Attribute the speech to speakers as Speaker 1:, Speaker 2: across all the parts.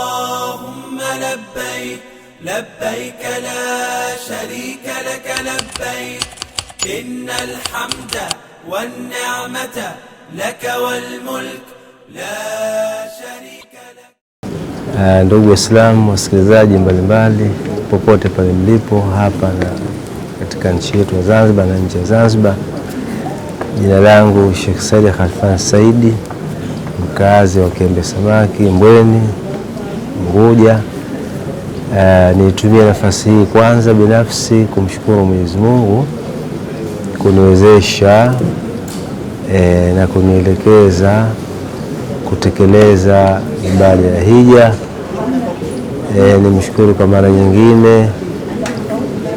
Speaker 1: اللهم لبيك لبيك لا شريك لك لبيك إن الحمد والنعمة لك والملك لا شريك لك
Speaker 2: Ndugu Waislamu, wasikilizaji mbalimbali popote pale mlipo, hapa na katika nchi yetu ya Zanzibar na nje ya Zanzibar, jina langu Sheikh Said Khalfan Saidi, mkazi wa Kiembe Samaki Mbweni Unguja. Uh, eh, nitumie nafasi hii kwanza binafsi kumshukuru Mwenyezi Mungu kuniwezesha eh, na kunielekeza kutekeleza ibada ya hija. Eh, nimshukuru kwa mara nyingine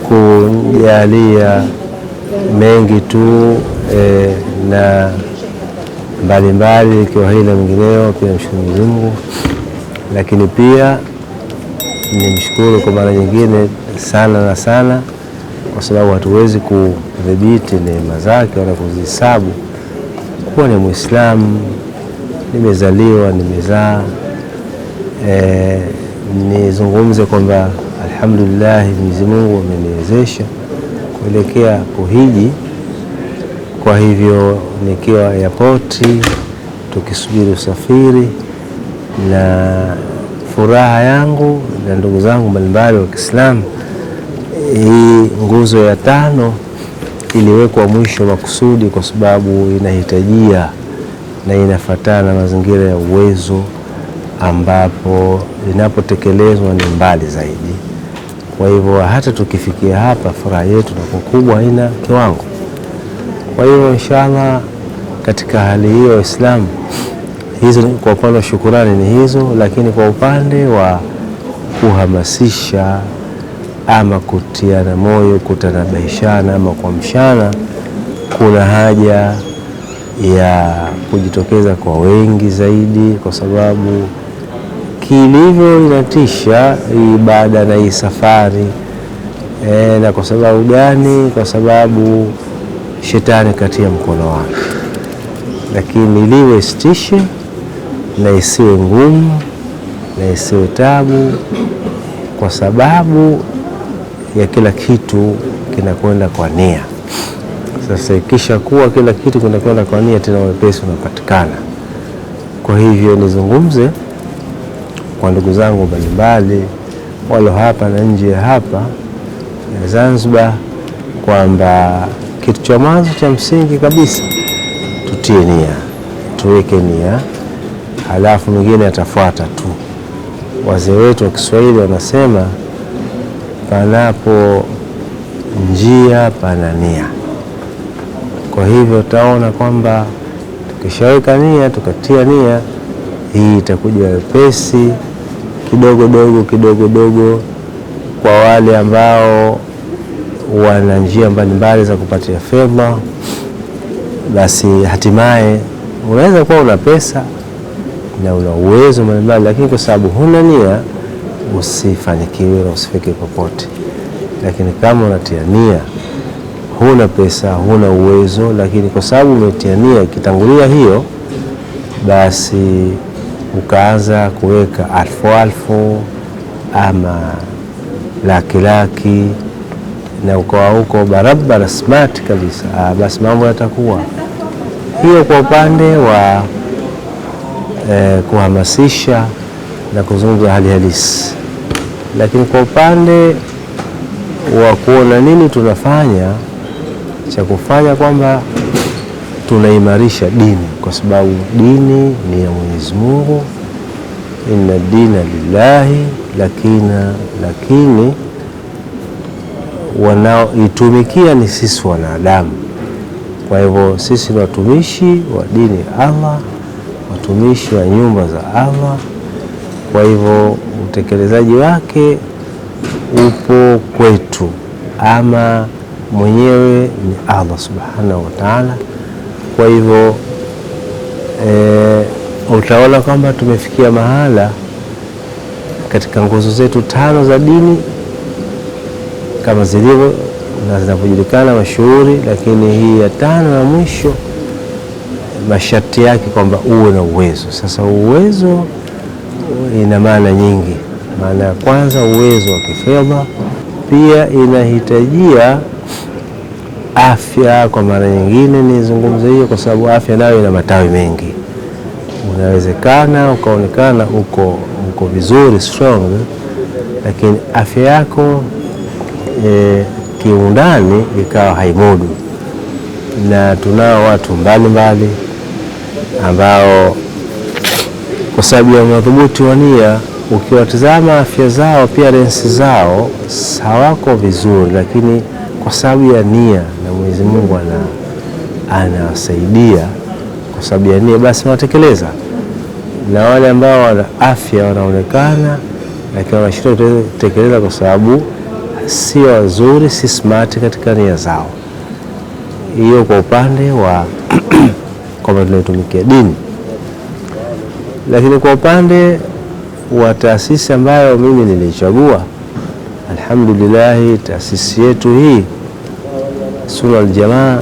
Speaker 2: kujalia mengi tu eh, na mbalimbali ikiwa hili na mengineo. Pia mshukuru Mwenyezi Mungu lakini pia nimshukuru kwa mara nyingine sana na sana, kwa sababu hatuwezi kudhibiti neema zake wala kuzihesabu. Kuwa ni Mwislamu, nimezaliwa nimezaa. E, nizungumze kwamba alhamdulillah, Mwenyezi Mungu ameniwezesha kuelekea kuhiji. Kwa hivyo nikiwa yapoti tukisubiri usafiri na furaha yangu na ndugu zangu mbalimbali wa Kiislamu. Hii nguzo ya tano iliwekwa mwisho makusudi, kwa sababu inahitajia na inafatana mazingira ya uwezo, ambapo inapotekelezwa ni mbali zaidi. Kwa hivyo hata tukifikia hapa, furaha yetu na kubwa haina kiwango. Kwa hiyo inshallah, katika hali hiyo Waislamu hizo kwa upande wa shukurani ni hizo, lakini kwa upande wa kuhamasisha ama kutiana moyo, kutanabishana ama kuamshana, kuna haja ya kujitokeza kwa wengi zaidi, kwa sababu kilivyo inatisha ibada na hii safari e. Na kwa sababu gani? Kwa sababu shetani katia mkono wake, lakini liwe istishe na isiwe ngumu na isiwe tabu, kwa sababu ya kila kitu kinakwenda kwa nia. Sasa ikisha kuwa kila kitu kinakwenda kwa nia, tena wepesi unapatikana. Kwa hivyo nizungumze kwa ndugu zangu mbalimbali walo hapa na nje ya hapa ya Zanzibar kwamba kitu cha mwanzo cha msingi kabisa tutie nia, tuweke nia halafu mengine atafuata tu. Wazee wetu wa Kiswahili wanasema panapo njia pana nia. Kwa hivyo utaona kwamba tukishaweka nia, tukatia nia hii itakuja wepesi kidogo dogo kidogo dogo kwa wale ambao wana njia mbalimbali za kupatia fedha, basi hatimaye unaweza kuwa una pesa na una uwezo mbalimbali, lakini kwa sababu huna nia usifanikiwe na usifike popote. Lakini kama unatia nia, huna pesa, huna uwezo, lakini kwa sababu umetia nia, ikitangulia hiyo, basi ukaanza kuweka alfu alfu ama laki laki na ukawa huko barabara smart kabisa, ah, basi mambo yatakuwa hiyo. Kwa upande wa eh, kuhamasisha na kuzungumza hali halisi, lakini kwa upande wa kuona nini tunafanya cha kufanya kwamba tunaimarisha dini, kwa sababu dini ni ya Mwenyezi Mungu, inna dina lillahi, lakina lakini wanaoitumikia ni sisi wanadamu. Kwa hivyo sisi ni watumishi wa dini ya Allah watumishi wa nyumba za Allah. Kwa hivyo utekelezaji wake upo kwetu, ama mwenyewe ni Allah subhanahu wa taala. Kwa hivyo e, utaona kwamba tumefikia mahala katika nguzo zetu tano za dini kama zilivyo na zinavyojulikana mashuhuri, lakini hii ya tano ya mwisho masharti yake kwamba uwe na uwezo. Sasa uwezo ina maana nyingi. Maana ya kwanza uwezo wa kifedha, pia inahitajia afya. Kwa mara nyingine nizungumze hiyo, kwa sababu afya nayo ina matawi mengi. Unawezekana ukaonekana uko uko vizuri strong, lakini afya yako e, kiundani ikawa haimudu, na tunao watu mbalimbali mbali ambao kwa sababu ya madhubuti wa nia, ukiwatazama afya zao pia lensi zao hawako vizuri, lakini kwa sababu ya nia na Mwenyezi Mungu anawasaidia kwa sababu ya nia, basi wanatekeleza. Na wale ambao wana afya wanaonekana, lakini wanashindwa kutekeleza kwa sababu si wazuri, si smart katika nia zao. Hiyo kwa upande wa kwamba tunaitumikia dini. Lakini kwa upande wa taasisi ambayo mimi nilichagua, alhamdulillahi, taasisi yetu hii Sunna Aljamaa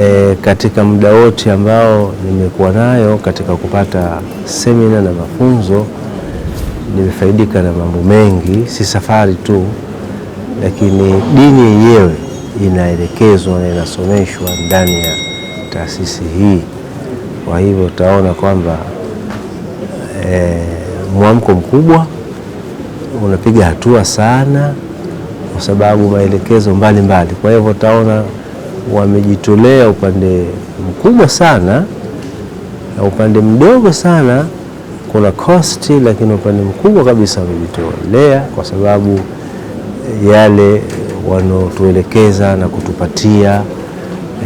Speaker 2: e, katika muda wote ambao nimekuwa nayo katika kupata semina na mafunzo nimefaidika na mambo mengi, si safari tu, lakini dini yenyewe inaelekezwa na inasomeshwa ndani ya taasisi hii. Kwa hivyo utaona kwamba e, mwamko mkubwa unapiga hatua sana, kwa sababu maelekezo mbalimbali. Kwa hivyo utaona wamejitolea upande mkubwa sana na upande mdogo sana kuna kosti, lakini upande mkubwa kabisa wamejitolea, kwa sababu yale wanaotuelekeza na kutupatia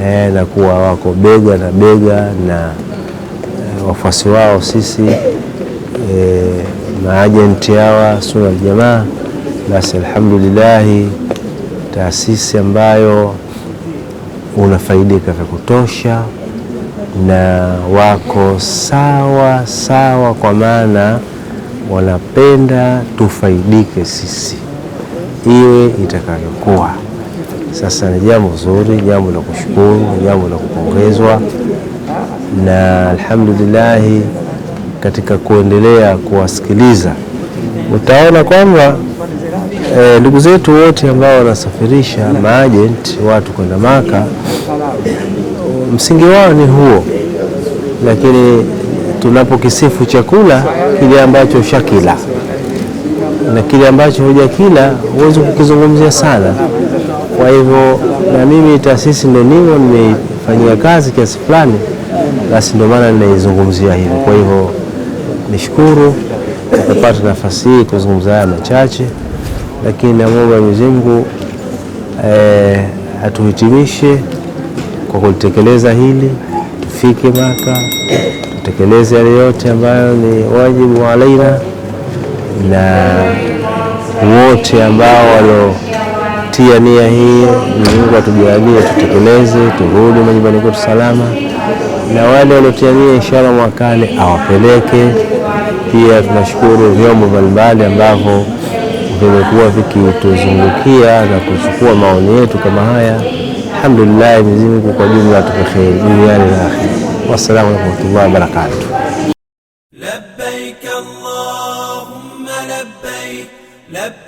Speaker 2: eh, na kuwa wako bega na bega na eh, wafuasi wao sisi e, eh, maajenti hawa suna aljamaa Jamaa. Basi alhamdulillahi, taasisi ambayo unafaidika vya kutosha na wako sawa sawa, kwa maana wanapenda tufaidike sisi, iwe itakavyokuwa. Sasa ni jambo zuri, jambo la kushukuru, jambo la kupongezwa na alhamdulillah. Katika kuendelea kuwasikiliza, utaona kwamba e, ndugu zetu wote ambao wanasafirisha maajenti watu kwenda Maka, msingi wao ni huo, lakini tunapokisifu chakula kile ambacho ushakila na kile ambacho hujakila huwezi kukizungumzia sana. Kwa hivyo na mimi taasisi ndio nimo nimeifanyia kazi kiasi fulani, basi ndio maana ninaizungumzia hivi. Kwa hivyo nishukuru kupata nafasi hii kuzungumza haya machache, lakini na Mungu wa Mwenyezi Mungu eh, atuhitimishe kwa kulitekeleza hili, tufike Maka, tutekeleze yale yote ambayo ni wajibu alaina na wote ambao walio kupitia nia hii Mungu atujalie tutekeleze, turudi majumbani kwetu salama, na wale waliotia nia inshallah mwakani awapeleke. Pia tunashukuru vyombo mbalimbali ambavyo vimekuwa vikituzungukia na kuchukua maoni yetu kama haya. Alhamdulillah, Mwenyezi Mungu kwa jumla tuko kheri duniani na akhera. Wassalamu alaykum wa wabarakatuh. Labbaik Allahumma labbaik